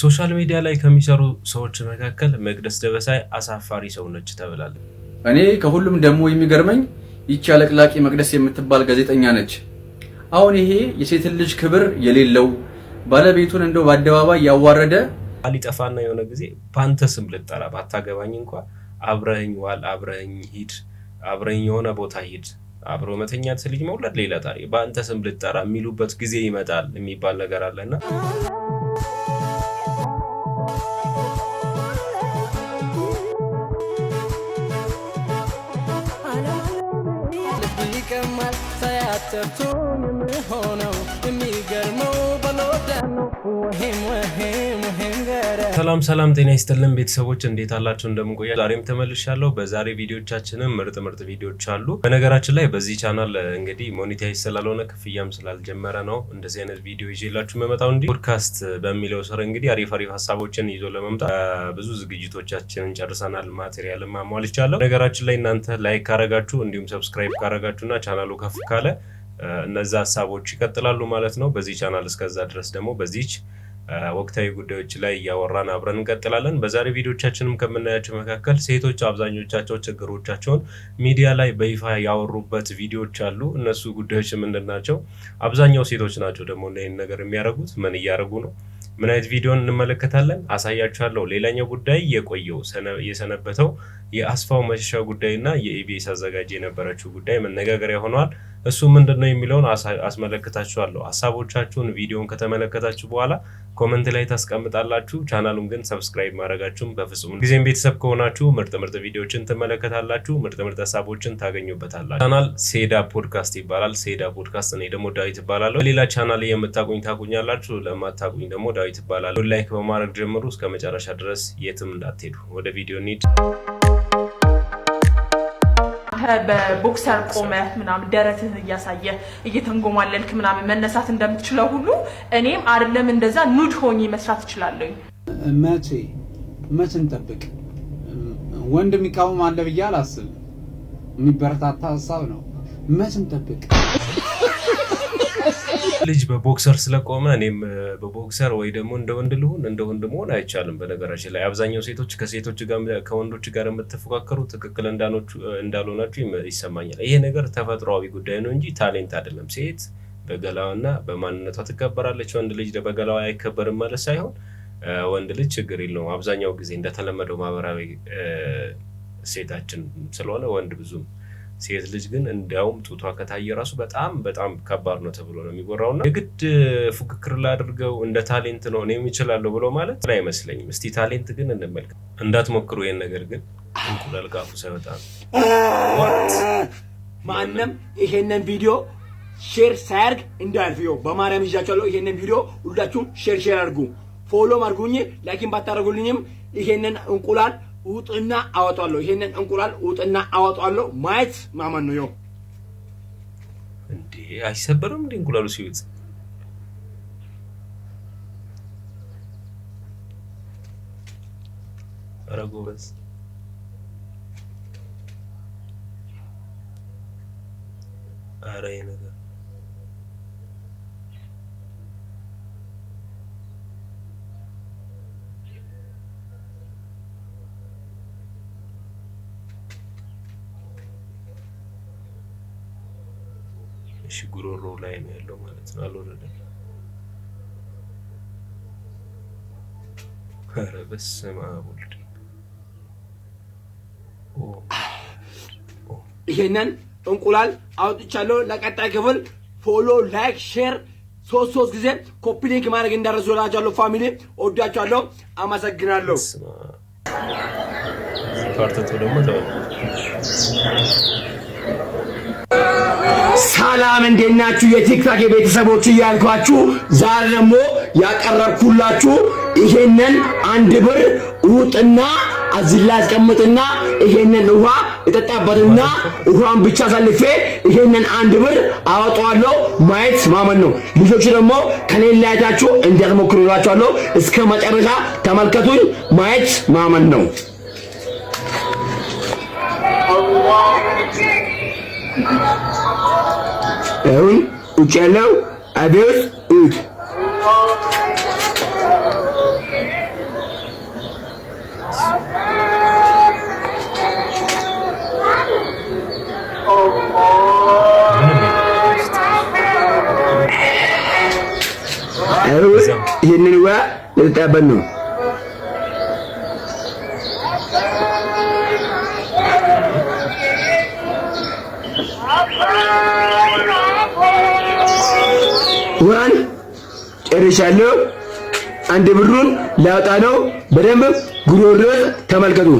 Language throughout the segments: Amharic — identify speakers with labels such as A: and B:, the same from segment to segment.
A: ሶሻል ሚዲያ ላይ ከሚሰሩ ሰዎች መካከል መቅደስ ደበሳይ አሳፋሪ ሰው ነች ተብላል። እኔ ከሁሉም ደግሞ የሚገርመኝ ይቺ አለቅላቂ መቅደስ የምትባል ጋዜጠኛ ነች። አሁን ይሄ የሴትን ልጅ ክብር የሌለው ባለቤቱን እንደው በአደባባይ ያዋረደ ሊጠፋና የሆነ ጊዜ በአንተ ስም ልጠራ ባታገባኝ እንኳ አብረኝ ዋል፣ አብረኝ ሂድ፣ አብረኝ የሆነ ቦታ ሂድ፣ አብሮ መተኛት፣ ልጅ መውለድ ሌላ ታሪክ፣ በአንተ ስም ልጠራ የሚሉበት ጊዜ ይመጣል የሚባል ነገር አለና ሳያተብኩኝ የምሆነው የሚገርመው በሎዳ ነው ወሄም ወሄም ሰላም ሰላም፣ ጤና ይስጥልን ቤተሰቦች እንዴት አላችሁ? እንደምንቆያ ዛሬም ተመልሻለሁ። በዛሬ ቪዲዮቻችንም ምርጥ ምርጥ ቪዲዮች አሉ። በነገራችን ላይ በዚህ ቻናል እንግዲህ ሞኔታይዝ ስላልሆነ ክፍያም ስላልጀመረ ነው እንደዚህ አይነት ቪዲዮ ይዤላችሁ መመጣው እንጂ ፖድካስት በሚለው ስር እንግዲህ አሪፍ አሪፍ ሀሳቦችን ይዞ ለመምጣት ብዙ ዝግጅቶቻችንን ጨርሰናል። ማቴሪያል ማሟል ይቻለሁ። ነገራችን ላይ እናንተ ላይክ ካረጋችሁ እንዲሁም ሰብስክራይብ ካረጋችሁና ቻናሉ ከፍ ካለ እነዛ ሀሳቦች ይቀጥላሉ ማለት ነው በዚህ ቻናል። እስከዛ ድረስ ደግሞ በዚች ወቅታዊ ጉዳዮች ላይ እያወራን አብረን እንቀጥላለን። በዛሬ ቪዲዮቻችንም ከምናያቸው መካከል ሴቶች አብዛኞቻቸው ችግሮቻቸውን ሚዲያ ላይ በይፋ ያወሩበት ቪዲዮዎች አሉ። እነሱ ጉዳዮች ምንድን ናቸው? አብዛኛው ሴቶች ናቸው ደግሞ ይህን ነገር የሚያደርጉት። ምን እያደረጉ ነው? ምን አይነት ቪዲዮን እንመለከታለን? አሳያችኋለሁ። ሌላኛው ጉዳይ የቆየው የሰነበተው የአስፋው መሸሻ ጉዳይና የኢቢኤስ አዘጋጅ የነበረችው ጉዳይ መነጋገሪያ ሆነዋል። እሱ ምንድን ነው የሚለውን አስመለክታችኋለሁ። ሀሳቦቻችሁን ቪዲዮን ከተመለከታችሁ በኋላ ኮመንት ላይ ታስቀምጣላችሁ። ቻናሉን ግን ሰብስክራይብ ማድረጋችሁን በፍጹም ጊዜም ቤተሰብ ከሆናችሁ ምርጥ ምርጥ ቪዲዮችን ትመለከታላችሁ፣ ምርጥ ምርጥ ሀሳቦችን ታገኙበታላችሁ። ቻናል ሴዳ ፖድካስት ይባላል። ሴዳ ፖድካስት። እኔ ደግሞ ዳዊት እባላለሁ። ሌላ ቻናል የምታቁኝ ታቁኛላችሁ፣ ለማታቁኝ ደግሞ ዳዊት እባላለሁ። ላይክ በማድረግ ጀምሩ። እስከ መጨረሻ ድረስ የትም እንዳትሄዱ። ወደ ቪዲዮ እንሂድ።
B: በቦክሰር ቆመ ምናምን ደረትህን እያሳየ እየተንጎማለልክ ምናምን መነሳት እንደምትችለው ሁሉ እኔም አይደለም እንደዛ ኑድ ሆኜ መስራት እችላለሁ።
C: መቼ መቼ እንጠብቅ? ወንድ የሚቃወም አለ ብዬ አላስብም። የሚበረታታ ሀሳብ ነው። መቼ እንጠብቅ?
A: ልጅ በቦክሰር ስለቆመ እኔም በቦክሰር ወይ ደግሞ እንደ ወንድ ልሁን እንደ ወንድ መሆን አይቻልም። በነገራችን ላይ አብዛኛው ሴቶች ከሴቶች ጋር ከወንዶች ጋር የምትፎካከሩ ትክክል እንዳልሆናችሁ ይሰማኛል። ይሄ ነገር ተፈጥሯዊ ጉዳይ ነው እንጂ ታሌንት አይደለም። ሴት በገላዋና በማንነቷ ትከበራለች። ወንድ ልጅ በገላዋ አይከበርም ማለት ሳይሆን ወንድ ልጅ ችግር የለውም። አብዛኛው ጊዜ እንደተለመደው ማህበራዊ ሴታችን ስለሆነ ወንድ ብዙም ሴት ልጅ ግን እንዲያውም ጡቷ ከታየ ራሱ በጣም በጣም ከባድ ነው ተብሎ ነው የሚወራው እና የግድ ፉክክር ላድርገው እንደ ታሌንት ነው እኔም እችላለሁ ብሎ ማለት አይመስለኝም። እስቲ ታሌንት ግን እንመልክ። እንዳትሞክሩ ይሄን ነገር ግን እንቁላል ካፉ ሳይወጣ
D: ማንም ይሄንን ቪዲዮ ሼር ሳያርግ እንዳያልፍየው በማርያም ይዣቸዋለሁ። ይሄንን ቪዲዮ ሁላችሁም ሼር ሼር አድርጉ፣ ፎሎም አድርጉኝ። ላኪን ባታደርጉልኝም ይሄንን እንቁላል ውጥና አወጣለሁ። ይሄንን እንቁላል ውጥና አወጣለሁ። ማየት ማመን ነው። ይኸው
A: እንዴ አይሰበርም እንዴ እንቁላሉ ሲውጥ? ኧረ ጎበዝ ኧረ ይሄ ነገር ትንሽ ጉሮሮ ላይ ነው ያለው ማለት ነው። አልወረደም። ኧረ በስመ አብ ወልድ
D: ይሄንን እንቁላል አውጥቻለሁ። ለቀጣይ ክፍል ፎሎ፣ ላይክ፣ ሼር ሶስት ሶስት ጊዜ ኮፒ ሊንክ ማድረግ እንዳረሱ ወላጃለሁ። ፋሚሊ ወዳቸዋለሁ። አመሰግናለሁ። ፓርተቶ ደግሞ ሰላም እንዴት ናችሁ? የቲክታክ የቤተሰቦች እያልኳችሁ ዛሬ ደግሞ ያቀረብኩላችሁ ይሄንን አንድ ብር ውጥና አዝላ አስቀምጥና ይሄንን ውሃ እጠጣበትና ውሃን ብቻ አሳልፌ ይሄንን አንድ ብር አወጣዋለሁ። ማየት ማመን ነው። ልጆች ደግሞ ከሌላ አይታችሁ እንዲያስሞክሩ ይሏቸዋለሁ። እስከ መጨረሻ ተመልከቱኝ። ማየት ማመን ነው። አላህ አሁን ውጭ ያለው አብዮት እዩት። አሁን ይህንን ውሃ ልጠጣበት ነው። ወራን ጨርሻለሁ። አንድ ብሩን ላውጣ ነው። በደንብ ጉሮሮ ተመልከቱ።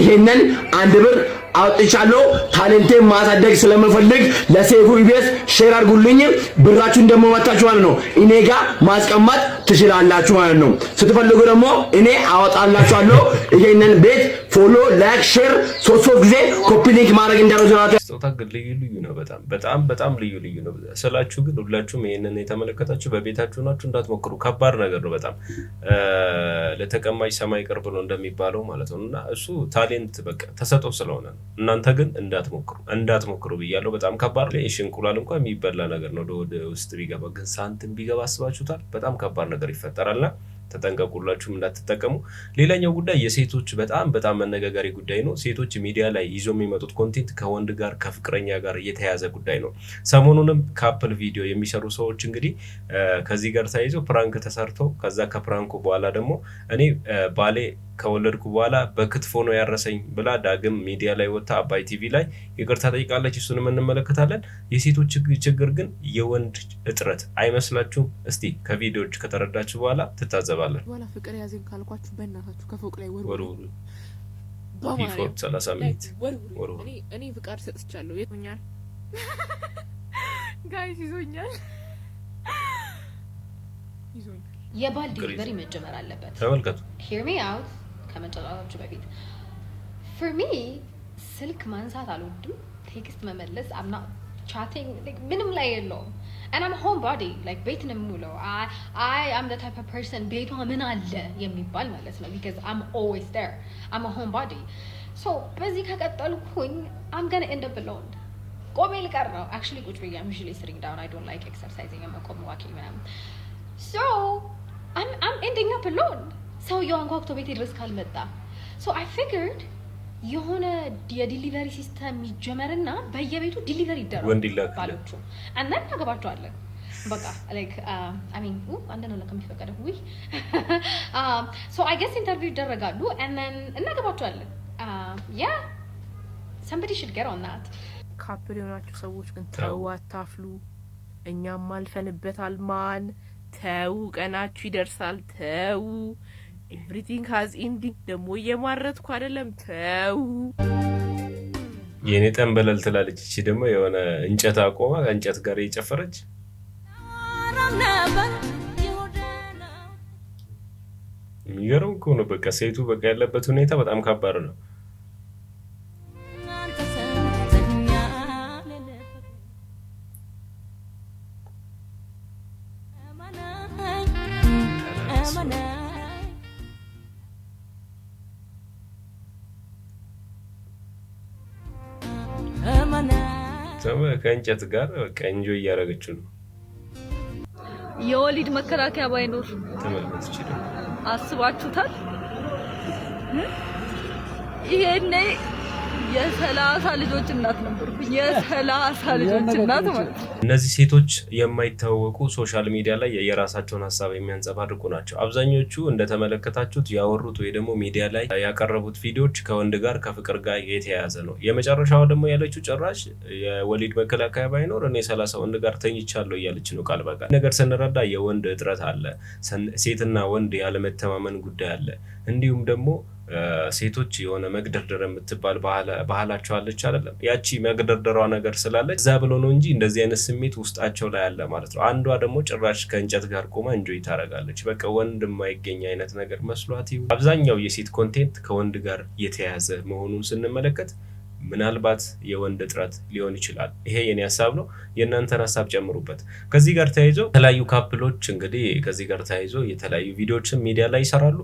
D: ይሄንን አንድ ብር አውጥቻለሁ። ታሌንቴን ማሳደግ ስለምፈልግ ለሴፉ ኢቢኤስ ሼር አድርጉልኝ። ብራችሁን ደግሞ መታችሁ ማለት ነው እኔ ጋ ማስቀመጥ ትችላላችሁ ማለት ነው። ስትፈልጉ ደግሞ እኔ አወጣላችኋለሁ ይሄንን ቤት ፎሎ ላይክ ሼር ሶስት ሶስት ጊዜ ኮፒ ሊንክ ማድረግ እንዳረዘናት
A: ስጦታ ልዩ ልዩ ነው። በጣም በጣም በጣም ልዩ ልዩ ነው ስላችሁ፣ ግን ሁላችሁም ይሄንን የተመለከታችሁ በቤታችሁ ናችሁ እንዳትሞክሩ። ከባድ ነገር ነው በጣም ለተቀማጭ ሰማይ ቅርብ ነው እንደሚባለው ማለት ነው። እና እሱ ታሌንት በቃ ተሰጦ ስለሆነ ነው። እናንተ ግን እንዳትሞክሩ እንዳትሞክሩ ብያለሁ። በጣም ከባድ ነው። እንቁላል እንኳ የሚበላ ነገር ነው ወደ ውስጥ ቢገባ፣ ግን ሳንቲም ቢገባ አስባችሁታል? በጣም ከባድ ነገር ይፈጠራልና ተጠንቀቁላችሁም እንዳትጠቀሙ። ሌላኛው ጉዳይ የሴቶች በጣም በጣም መነጋገሪ ጉዳይ ነው። ሴቶች ሚዲያ ላይ ይዞ የሚመጡት ኮንቴንት ከወንድ ጋር ከፍቅረኛ ጋር የተያዘ ጉዳይ ነው። ሰሞኑንም ካፕል ቪዲዮ የሚሰሩ ሰዎች እንግዲህ ከዚህ ጋር ተያይዞ ፕራንክ ተሰርተው ከዛ ከፕራንኩ በኋላ ደግሞ እኔ ባሌ ከወለድኩ በኋላ በክትፎ ነው ያረሰኝ ብላ ዳግም ሚዲያ ላይ ወጥታ አባይ ቲቪ ላይ ይቅርታ ጠይቃለች። እሱንም እንመለከታለን። የሴቶች ችግር ግን የወንድ እጥረት አይመስላችሁም? እስቲ ከቪዲዮዎች ከተረዳችሁ በኋላ ትታዘባለን። ኋላ ፍቅር ያዘኝ ካልኳችሁ በእናታችሁ ከፎቅ ላይ ቢፎር ሰላሳ ሚኒት እኔ ፍቃድ ሰጥቻለሁ። የቶኛል ጋይስ ይዞኛል
E: ይዞኛል የባል ዲሊቨሪ መጀመር አለበት። ተመልከቱ። ሂር ሚ አውት ከመጫጫታችሁ በፊት ፎር ሚ ስልክ ማንሳት አልወድም። ቴክስት መመለስ አምና ቻቲንግ ምንም ላይ የለውም። and I'm a homebody like ቤት ነው የምውለው። I am the type of person ቤቷ ምን አለ የሚባል ማለት ነው because I'm always there I'm a homebody so በዚህ ከቀጠልኩኝ I'm gonna end up alone ቆሜ ልቀር ነው actually ቁጭ ብዬ I'm usually sitting down I don't like exercising I'm a ቆም walking ምናምን so I'm I'm ending up alone ሰውየው አንኳኩቶ ቤቴ ድረስ ካልመጣ ሶ አይ ፊግርድ የሆነ የዲሊቨሪ ሲስተም ይጀመርና በየቤቱ ዲሊቨሪ ይደረግ ወንድ ይላካሉ እና እናገባቸዋለን። በቃ ላይክ አይ ሚን አንድ ነው ከሚፈቀደው ውይ ሶ አይ ጌስ ኢንተርቪው ይደረጋሉ እናገባቸዋለን። ያ ሰምበዲ ሽድ ገር ኦን ዛት
F: ካፕል የሆናችሁ ሰዎች ግን ተው አታፍሉ። እኛም አልፈንበታል። ማን ተው፣ ቀናችሁ ይደርሳል። ተው ኤቭሪቲንግ ሀዝ ኢንዲንግ ደግሞ እየማረትኩ አይደለም። ተው
A: የእኔ ጠንበለል ትላለች። እቺ ደግሞ የሆነ እንጨት አቆማ ከእንጨት ጋር እየጨፈረች የሚገርም ከሆነ በቃ ሴቱ በቃ ያለበት ሁኔታ በጣም ከባድ ነው። ከእንጨት ጋር ቀንጆ እያደረገችው ነው።
F: የወሊድ መከላከያ ባይኖር አስባችሁታል? ይሄኔ የሰላሳ ልጆች እናት ነው። የሰላሳ ልጆች እናት ማለት
A: እነዚህ ሴቶች የማይታወቁ ሶሻል ሚዲያ ላይ የራሳቸውን ሀሳብ የሚያንጸባርቁ ናቸው። አብዛኞቹ እንደተመለከታችሁት ያወሩት ወይ ደግሞ ሚዲያ ላይ ያቀረቡት ቪዲዮዎች ከወንድ ጋር ከፍቅር ጋር የተያያዘ ነው። የመጨረሻው ደግሞ ያለችው ጭራሽ የወሊድ መከላከያ ባይኖር እኔ ሰላሳ ወንድ ጋር ተኝቻለሁ እያለች ነው ቃል በቃል ነገር ስንረዳ የወንድ እጥረት አለ። ሴትና ወንድ ያለመተማመን ጉዳይ አለ። እንዲሁም ደግሞ ሴቶች የሆነ መግደርደር የምትባል ባህላቸው አለች አይደለም? ያቺ መግደርደሯ ነገር ስላለች እዛ ብሎ ነው እንጂ እንደዚህ አይነት ስሜት ውስጣቸው ላይ አለ ማለት ነው። አንዷ ደግሞ ጭራሽ ከእንጨት ጋር ቆማ እንጆይ ታደርጋለች። በቃ ወንድ የማይገኝ አይነት ነገር መስሏት። አብዛኛው የሴት ኮንቴንት ከወንድ ጋር የተያያዘ መሆኑን ስንመለከት ምናልባት የወንድ እጥረት ሊሆን ይችላል። ይሄ የኔ ሀሳብ ነው። የእናንተን ሀሳብ ጨምሩበት። ከዚህ ጋር ተያይዞ የተለያዩ ካፕሎች እንግዲህ ከዚህ ጋር ተያይዞ የተለያዩ ቪዲዮዎችን ሚዲያ ላይ ይሰራሉ።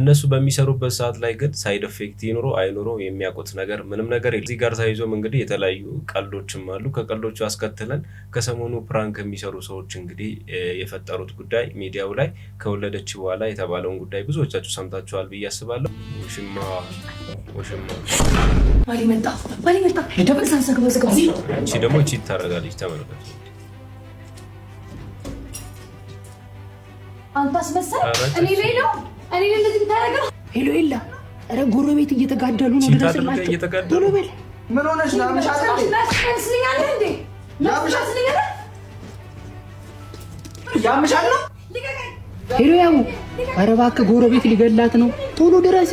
A: እነሱ በሚሰሩበት ሰዓት ላይ ግን ሳይድ ኤፌክት ይኑሮ አይኑሮ የሚያውቁት ነገር ምንም ነገር ከዚህ ጋር ተያይዞም እንግዲህ የተለያዩ ቀልዶችም አሉ። ከቀልዶቹ አስከትለን ከሰሞኑ ፕራንክ የሚሰሩ ሰዎች እንግዲህ የፈጠሩት ጉዳይ ሚዲያው ላይ ከወለደች በኋላ የተባለውን ጉዳይ ብዙዎቻችሁ ሰምታችኋል ብዬ አስባለሁ። ውሽማ ውሽማ እቺ ደግሞ ቺት ታደርጋለች። ተመልከቱ። አንተ አስመሳይ! እኔ ላይ ኧረ ጎረቤት እየተጋደሉ ነው። ቶሎ በል። ምን ሆነሽ ነው? ያምሻል ነው። ኧረ እባክህ ጎረቤት ሊገላት ነው። ቶሎ ድረስ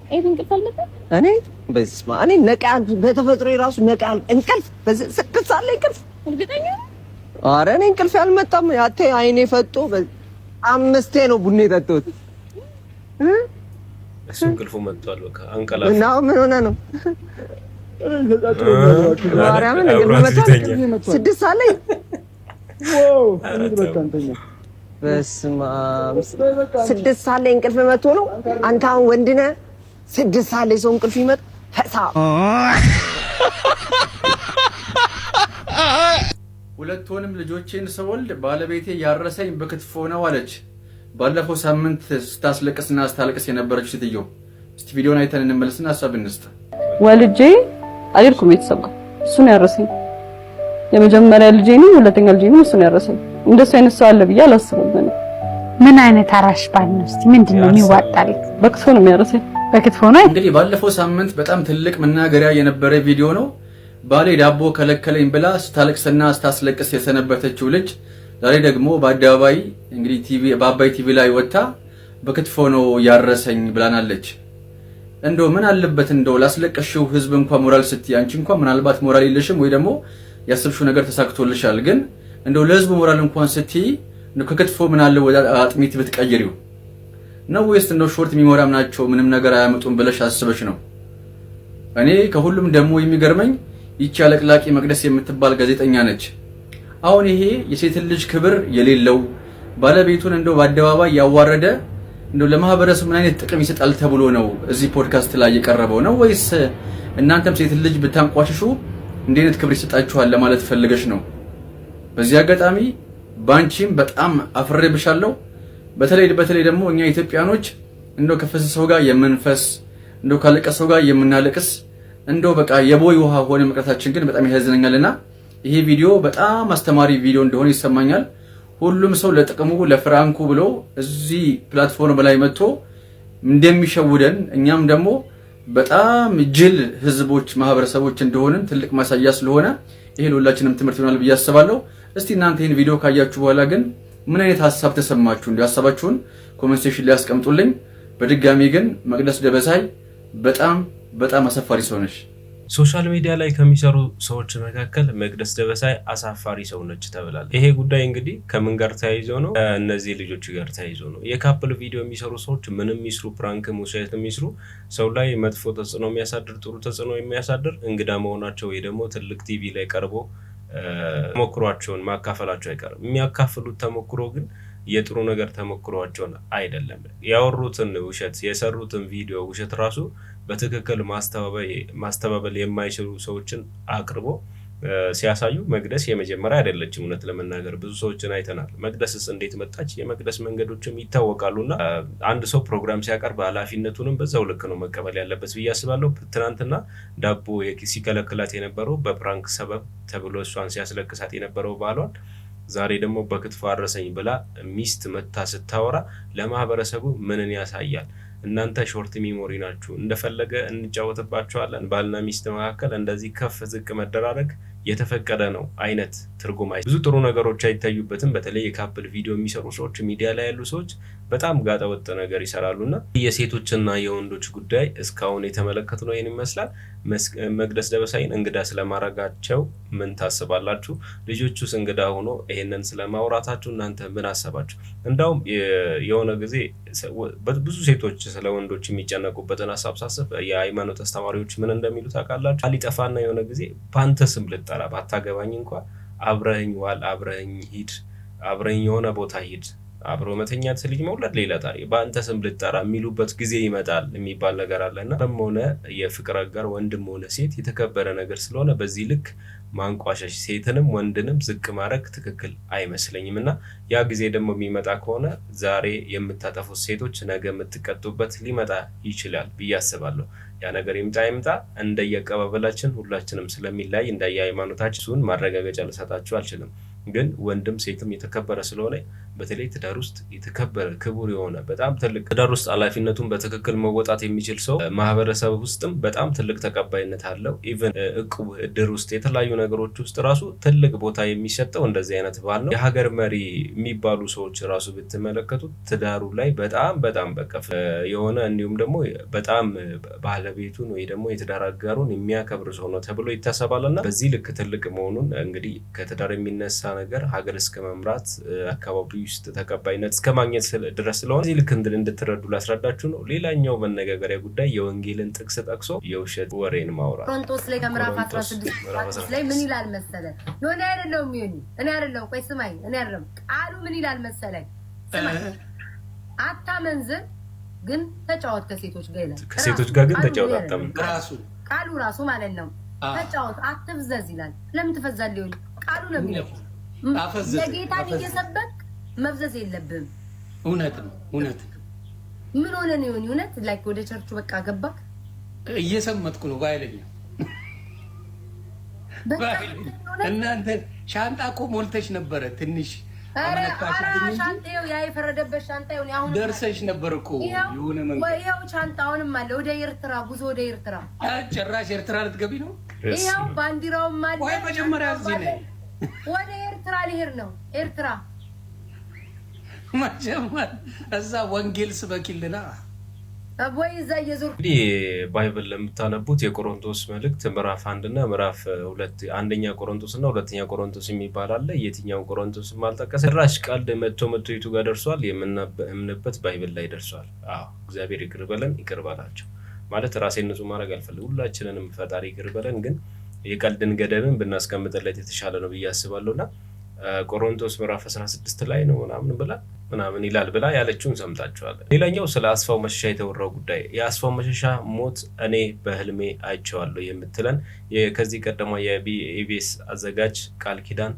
A: እኔ በስመ አብ እኔ ነቃ በተፈጥሮ የራሱ ነቃ እንቅልፍ ስድስት ሰዓት ላይ እንቅልፍ እርግጠኛ ኧረ እኔ እንቅልፍ ያልመጣም ያቴ አይኔ ፈጦ አምስቴ ነው ቡና የጠጣሁት። እሱ እንቅልፉ መጥቷል። በቃ አንቀላፍ እና ምን ሆነ ነው ማርያምን ስድስት ሰዓት ላይ በስመ አብ ስድስት ሰዓት ላይ እንቅልፍ መጥቶ ነው። አንተ አሁን ወንድ ነህ ስድስት ሰዓት ላይ ሰው እንቅልፍ ይመጣ ሁለቱንም ልጆቼን ስወልድ ባለቤቴ ያረሰኝ በክትፎ ነው አለች። ባለፈው ሳምንት ስታስለቅስና ስታልቅስ የነበረችው ሴትዮ እስቲ ቪዲዮን አይተን እንመለስና ሀሳብ እንስጥ። ወልጄ አልሄድኩም ቤተሰብ ጋር። እሱን ያረሰኝ የመጀመሪያ ነው። ሁለተኛ ነው እሱን ያረሰኝ። እንደሱ አይነት ሰው አለ ብዬ አላስብም። ምን አይነት አራሽ ባል ነው? እስቲ ምንድን ነው የሚዋጣልህ? በክትፎ ነው የሚያረሰኝ በክትፎ ነው እንግዲህ። ባለፈው ሳምንት በጣም ትልቅ መናገሪያ የነበረ ቪዲዮ ነው። ባሌ ዳቦ ከለከለኝ ብላ ስታለቅስና ስታስለቅስ የሰነበተችው ልጅ ዛሬ ደግሞ በአደባባይ እንግዲህ ቲቪ በአባይ ቲቪ ላይ ወጥታ በክትፎ ነው ያረሰኝ ብላናለች። እንደው ምን አለበት እንደው ላስለቀሽው ህዝብ እንኳን ሞራል ስትይ አንቺ እንኳን ምናልባት ሞራል የለሽም ወይ ደግሞ ያሰብሽው ነገር ተሳክቶልሻል። ግን እንደው ለህዝቡ ሞራል እንኳን ስትይ ከክትፎ ምን አለ ወደ አጥሚት ብትቀይሪው ነው ወይስ እንደው ሾርት ሚሞሪያም ናቸው ምንም ነገር አያመጡም ብለሽ አስበሽ ነው? እኔ ከሁሉም ደግሞ የሚገርመኝ ይቺ አለቅላቂ መቅደስ የምትባል ጋዜጠኛ ነች። አሁን ይሄ የሴት ልጅ ክብር የሌለው ባለቤቱን እንደው በአደባባይ ያዋረደ እንደው ለማህበረሰብ ምን አይነት ጥቅም ይሰጣል ተብሎ ነው እዚህ ፖድካስት ላይ የቀረበው ነው ወይስ እናንተም ሴት ልጅ ብታንቋሽሹ እንዴ አይነት ክብር ይሰጣችኋል ለማለት ፈልገሽ ነው? በዚህ አጋጣሚ ባንቺም በጣም አፍሬብሻለሁ። በተለይ በተለይ ደግሞ እኛ ኢትዮጵያኖች እንደው ከፈሰሰ ሰው ጋር የምንፈስ እንደው ካለቀ ሰው ጋር የምናለቅስ እንደው በቃ የቦይ ውሃ ሆነ መቅረታችን ግን በጣም ያሳዝነኛልና ይሄ ቪዲዮ በጣም አስተማሪ ቪዲዮ እንደሆነ ይሰማኛል። ሁሉም ሰው ለጥቅሙ ለፍራንኩ ብሎ እዚህ ፕላትፎርም ላይ መጥቶ እንደሚሸውደን እኛም ደግሞ በጣም ጅል ህዝቦች፣ ማህበረሰቦች እንደሆንን ትልቅ ማሳያ ስለሆነ ይሄ ለሁላችንም ትምህርት ይሆናል ብዬ አስባለሁ። እስቲ እናንተ ይህን ቪዲዮ ካያችሁ በኋላ ግን ምን አይነት ሀሳብ ተሰማችሁ? እንዲሁ ሀሳባችሁን ሴክሽን ላይ ያስቀምጡልኝ። በድጋሚ ግን መቅደስ ደበሳይ በጣም በጣም አሳፋሪ ሰው ነች። ሶሻል ሚዲያ ላይ ከሚሰሩ ሰዎች መካከል መቅደስ ደበሳይ አሳፋሪ ሰው ነች ተብላል። ይሄ ጉዳይ እንግዲህ ከምን ጋር ተያይዞ ነው? እነዚህ ልጆች ጋር ተያይዞ ነው። የካፕል ቪዲዮ የሚሰሩ ሰዎች ምንም ይስሩ፣ ፕራንክ ውሸት የሚስሩ ሰው ላይ መጥፎ ተጽዕኖ የሚያሳድር፣ ጥሩ ተጽዕኖ የሚያሳድር እንግዳ መሆናቸው ወይ ደግሞ ትልቅ ቲቪ ላይ ቀርቦ ተሞክሯቸውን ማካፈላቸው አይቀርም። የሚያካፍሉት ተሞክሮ ግን የጥሩ ነገር ተሞክሯቸውን አይደለም። ያወሩትን ውሸት፣ የሰሩትን ቪዲዮ ውሸት ራሱ በትክክል ማስተባበል የማይችሉ ሰዎችን አቅርቦ ሲያሳዩ መቅደስ የመጀመሪያ አይደለችም። እውነት ለመናገር ብዙ ሰዎችን አይተናል። መቅደስስ እንዴት መጣች? የመቅደስ መንገዶችም ይታወቃሉና አንድ ሰው ፕሮግራም ሲያቀርብ ኃላፊነቱንም በዛው ልክ ነው መቀበል ያለበት ብዬ አስባለሁ። ትናንትና ዳቦ ሲከለክላት የነበረው በፕራንክ ሰበብ ተብሎ እሷን ሲያስለቅሳት የነበረው ባሏን ዛሬ ደግሞ በክትፎ አረሰኝ ብላ ሚስት መታ ስታወራ ለማህበረሰቡ ምንን ያሳያል? እናንተ ሾርት ሚሞሪ ናችሁ፣ እንደፈለገ እንጫወትባችኋለን። ባልና ሚስት መካከል እንደዚህ ከፍ ዝቅ መደራረግ የተፈቀደ ነው አይነት ትርጉም ብዙ ጥሩ ነገሮች አይታዩበትም። በተለይ የካፕል ቪዲዮ የሚሰሩ ሰዎች፣ ሚዲያ ላይ ያሉ ሰዎች በጣም ጋጠወጥ ነገር ይሰራሉ እና የሴቶችና የወንዶች ጉዳይ እስካሁን የተመለከት ነው ይህን ይመስላል። መቅደስ ደበሳይን እንግዳ ስለማድረጋቸው ምን ታስባላችሁ? ልጆቹስ እንግዳ ሆኖ ይሄንን ስለማውራታችሁ እናንተ ምን አሰባችሁ? እንዳውም የሆነ ጊዜ ብዙ ሴቶች ስለ ወንዶች የሚጨነቁበትን ሀሳብ ሳስብ የሃይማኖት አስተማሪዎች ምን እንደሚሉ ታውቃላችሁ? ሊጠፋና የሆነ ጊዜ በአንተ ስም ልጠራ ባታገባኝ እንኳ አብረኝ ዋል፣ አብረኝ ሂድ፣ አብረኝ የሆነ ቦታ ሂድ አብሮ መተኛት ልጅ መውለድ ሌላ ታሪክ፣ በአንተ ስም ልጠራ የሚሉበት ጊዜ ይመጣል የሚባል ነገር አለና ሆነ የፍቅር አጋር ወንድም ሆነ ሴት የተከበረ ነገር ስለሆነ በዚህ ልክ ማንቋሸሽ ሴትንም ወንድንም ዝቅ ማድረግ ትክክል አይመስለኝም እና ያ ጊዜ ደግሞ የሚመጣ ከሆነ ዛሬ የምታጠፉት ሴቶች ነገ የምትቀጡበት ሊመጣ ይችላል ብዬ አስባለሁ። ያ ነገር ይምጣ ይምጣ እንደየአቀባበላችን ሁላችንም ስለሚለያይ እንደየ ሃይማኖታችን እሱን ማረጋገጫ ልሰጣችሁ አልችልም። ግን ወንድም ሴትም የተከበረ ስለሆነ በተለይ ትዳር ውስጥ የተከበረ ክቡር የሆነ በጣም ትልቅ ትዳር ውስጥ ኃላፊነቱን በትክክል መወጣት የሚችል ሰው ማህበረሰብ ውስጥም በጣም ትልቅ ተቀባይነት አለው። ኢቨን እቁብ፣ እድር ውስጥ የተለያዩ ነገሮች ውስጥ ራሱ ትልቅ ቦታ የሚሰጠው እንደዚህ አይነት ባህል ነው። የሀገር መሪ የሚባሉ ሰዎች ራሱ ብትመለከቱ ትዳሩ ላይ በጣም በጣም በቀፍ የሆነ እንዲሁም ደግሞ በጣም ባለቤቱን ወይ ደግሞ የትዳር አጋሩን የሚያከብር ሰው ነው ተብሎ ይታሰባል እና በዚህ ልክ ትልቅ መሆኑን እንግዲህ ከትዳር የሚነሳ ነገር ሀገር እስከ መምራት አካባቢ ውስጥ ተቀባይነት እስከ ማግኘት ድረስ ስለሆነ እዚህ ልክ እንድትረዱ ላስረዳችሁ ነው። ሌላኛው መነጋገሪያ ጉዳይ የወንጌልን ጥቅስ ጠቅሶ የውሸት ወሬን ማውራት ቆሮንቶስ ላይ ከምዕራፍ 16 ላይ ምን ይላል መሰለህ? ኖ እኔ አይደለሁም እኔ አይደለሁም። ቆይ ስማኝ፣ እኔ አይደለሁም ቃሉ ምን ይላል መሰለህ? አታመንዝን ግን ተጫወት ከሴቶች ጋር ይላል። ከሴቶች ጋር ግን ተጫወት አታምን ቃሉ ራሱ ማለት ነው። ተጫወት አትፍዘዝ ይላል። ለምን ትፈዛል? ሊሆን ቃሉ ነው የሚለው ለጌታን እየሰበክ መብዘዝ የለብም። እውነት ነው፣ እውነት ምን ሆነ ነው ይሁን እውነት ላይክ ወደ ቸርቹ በቃ ገባክ። እየሰመጥኩ ነው ባይለኛ እናንተ ሻንጣ እኮ ሞልተሽ ነበረ ትንሽ የፈረደበት ሻንጣ ደርሰሽ ነበር እኮ የሆነ ይኸው ሻንጣ አሁንም አለ። ወደ ኤርትራ ጉዞ፣ ወደ ኤርትራ ጭራሽ ኤርትራ ልትገቢ ነው። ይኸው ባንዲራውም አለ። መጀመሪያ ወደ ኤርትራ ልሄድ ነው ኤርትራ መጀመር እዛ ወንጌል ስበኪልና ወይ እዛ እየዞር እንግዲህ ባይብል ለምታነቡት የቆሮንቶስ መልእክት ምዕራፍ አንድና ምዕራፍ ሁለት አንደኛ ቆሮንቶስ እና ሁለተኛ ቆሮንቶስ የሚባል አለ። የትኛው ቆሮንቶስ አልጠቀሰ ራሽ ቀልድ መቶ መቶ የቱ ጋር ደርሷል? የምናምንበት ባይብል ላይ ደርሷል። አዎ እግዚአብሔር ይቅር በለን ይቅር በላቸው ማለት ራሴን ንጹህ ማድረግ አልፈልግም። ሁላችንንም ፈጣሪ ይቅር በለን፣ ግን የቀልድን ገደብን ብናስቀምጥለት የተሻለ ነው ብዬ አስባለሁ እና ቆሮንቶስ ምዕራፍ 16 ላይ ነው ምናምን ብላ ምናምን ይላል ብላ ያለችውን ሰምታችኋል። ሌላኛው ስለ አስፋው መሸሻ የተወራው ጉዳይ የአስፋው መሸሻ ሞት እኔ በህልሜ አይቸዋለሁ የምትለን ከዚህ ቀደማ የኢቢኤስ አዘጋጅ ቃል ኪዳን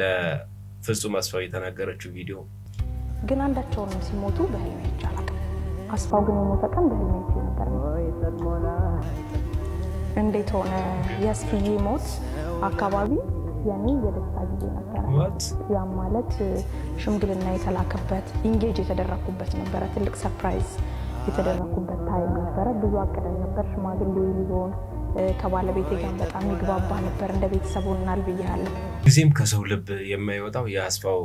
A: ለፍጹም አስፋው የተናገረችው ቪዲዮ ግን አንዳቸውንም ሲሞቱ በህልሜ ይቻላል። አስፋው ግን የሞተ ቀን በህልሜ ነበር። እንዴት ሆነ የእስክዬ ሞት አካባቢ የኔ የደስታ ጊዜ ነበረ። ያም ማለት ሽምግልና የተላከበት ኢንጌጅ የተደረግኩበት ነበረ። ትልቅ ሰርፕራይዝ የተደረግኩበት ታይም ነበረ። ብዙ አቅደን ነበር። ሽማግሌ ሊሆን ከባለቤቴ ጋር በጣም ይግባባ ነበር። እንደ ቤተሰቡ ሆናል ብያለሁ። ጊዜም ከሰው ልብ የማይወጣው የአስፋው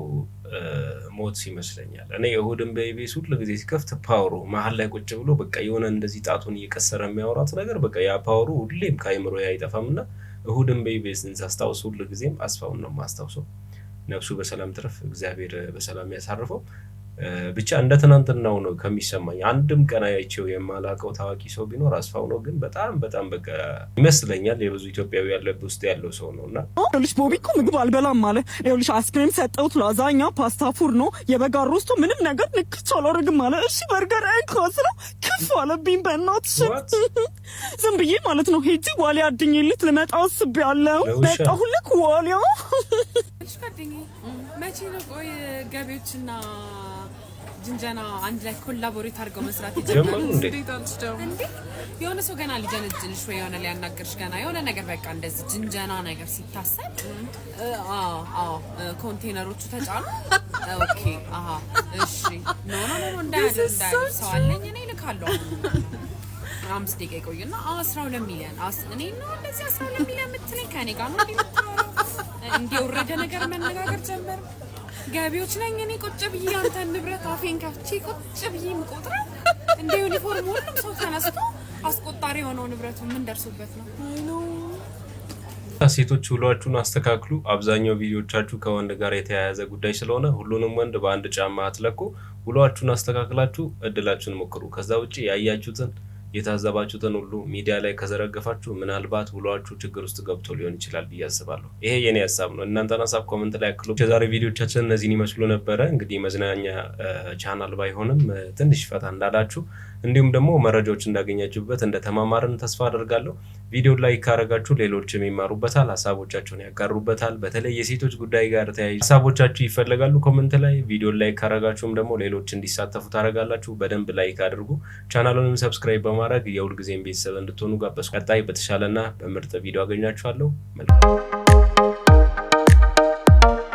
A: ሞት ይመስለኛል። እኔ የእሑድን በኢቢኤስ ሁሉ ጊዜ ሲከፍት ፓወሩ መሀል ላይ ቁጭ ብሎ በቃ የሆነ እንደዚህ ጣቱን እየቀሰረ የሚያወራት ነገር በቃ ያ ፓወሩ ሁሌም ከአይምሮ አይጠፋም እና እሁድን በኢቢኤስን ሳስታውስ ጊዜም አስፋውን ነው ማስታውሰው ነፍሱ በሰላም ትረፍ። እግዚአብሔር በሰላም ያሳርፈው። ብቻ እንደ ትናንትናው ነው ከሚሰማኝ። አንድም ቀን አይቼው የማላውቀው ታዋቂ ሰው ቢኖር አስፋው ነው። ግን በጣም በጣም በቃ ይመስለኛል የብዙ ኢትዮጵያዊ ያለ ውስጥ ያለው ሰው ነው እና ልጅ ቦቢ እኮ ምግብ አልበላም አለ። ልጅ አይስክሬም ሰጠሁት፣ ላዛኛ፣ ፓስታ ፉርኖ፣ የበጋ ሮስቶ፣ ምንም ነገር ንክች አላደርግም አለ። እሺ በርገር እንኳስ ነው ክፍ አለብኝ። በእናትሽ ዝም ብዬ ማለት ነው ሄጂ ዋሊያ አድኝልት ልመጣ አስቤያለሁ። መጣሁልክ ዋሊያ ልጅ ጓደኛዬ መቼ ነው ቆይ ገቢዎችና ጅንጀና አንድ ላይ ኮላቦሬት አድርገው መስራት ይጀምራሉ። የሆነ ሰው ገና ሊጀነጅንሽ ወይ የሆነ ሊያናገርሽ ገና የሆነ ነገር በቃ እንደዚህ ጅንጀና ነገር ሲታሰብ ኮንቴነሮቹ ተጫኑ። ኦኬ አሀ፣ እሺ፣ ኖ ኖ ኖ እንዳያደርግ ሰው አለኝ እኔ እልካለሁ። አምስት ደቂቃ ይቆዩና አስራ ሁለት ሚሊዮን እኔ ነው እንደዚህ አስራ ሁለት ሚሊዮን የምትለኝ ከእኔ ጋር ነው እንዲወረደ ነገር መነጋገር ጀመር። ገቢዎች ነኝ እኔ ቁጭ ብዬ አንተን ንብረት አፌን ከፍቼ ቁጭ ብዬ የምቆጥረው እንደ ዩኒፎርም ሁሉም ሰው ተነስቶ አስቆጣሪ የሆነው ንብረቱ ምን ደርሶበት ነው? ሴቶች ውሏችሁን አስተካክሉ። አብዛኛው ቪዲዮቻችሁ ከወንድ ጋር የተያያዘ ጉዳይ ስለሆነ ሁሉንም ወንድ በአንድ ጫማ አትለቁ። ውሏችሁን አስተካክላችሁ እድላችሁን ሞክሩ። ከዛ ውጭ ያያችሁትን የታዘባችሁትን ሁሉ ሚዲያ ላይ ከዘረገፋችሁ ምናልባት ውሏችሁ ችግር ውስጥ ገብቶ ሊሆን ይችላል ብዬ አስባለሁ። ይሄ የኔ ሀሳብ ነው። እናንተን ሀሳብ ኮመንት ላይ ያክሉ። የዛሬ ቪዲዮቻችን እነዚህን ይመስሉ ነበረ። እንግዲህ መዝናኛ ቻናል ባይሆንም ትንሽ ፈታ እንዳላችሁ እንዲሁም ደግሞ መረጃዎች እንዳገኛችሁበት እንደተማማርን ተስፋ አደርጋለሁ። ቪዲዮ ላይ ካረጋችሁ ሌሎችም ይማሩበታል፣ ሀሳቦቻቸውን ያጋሩበታል። በተለይ የሴቶች ጉዳይ ጋር ተያይዞ ሀሳቦቻችሁ ይፈለጋሉ ኮመንት ላይ። ቪዲዮ ላይ ካረጋችሁም ደግሞ ሌሎች እንዲሳተፉ ታደርጋላችሁ። በደንብ ላይክ አድርጉ። ቻናሉንም ሰብስክራይብ በማድረግ የሁልጊዜም ቤተሰብ እንድትሆኑ ጋበዝኩ። ቀጣይ በተሻለና በምርጥ ቪዲዮ አገኛችኋለሁ። መልካም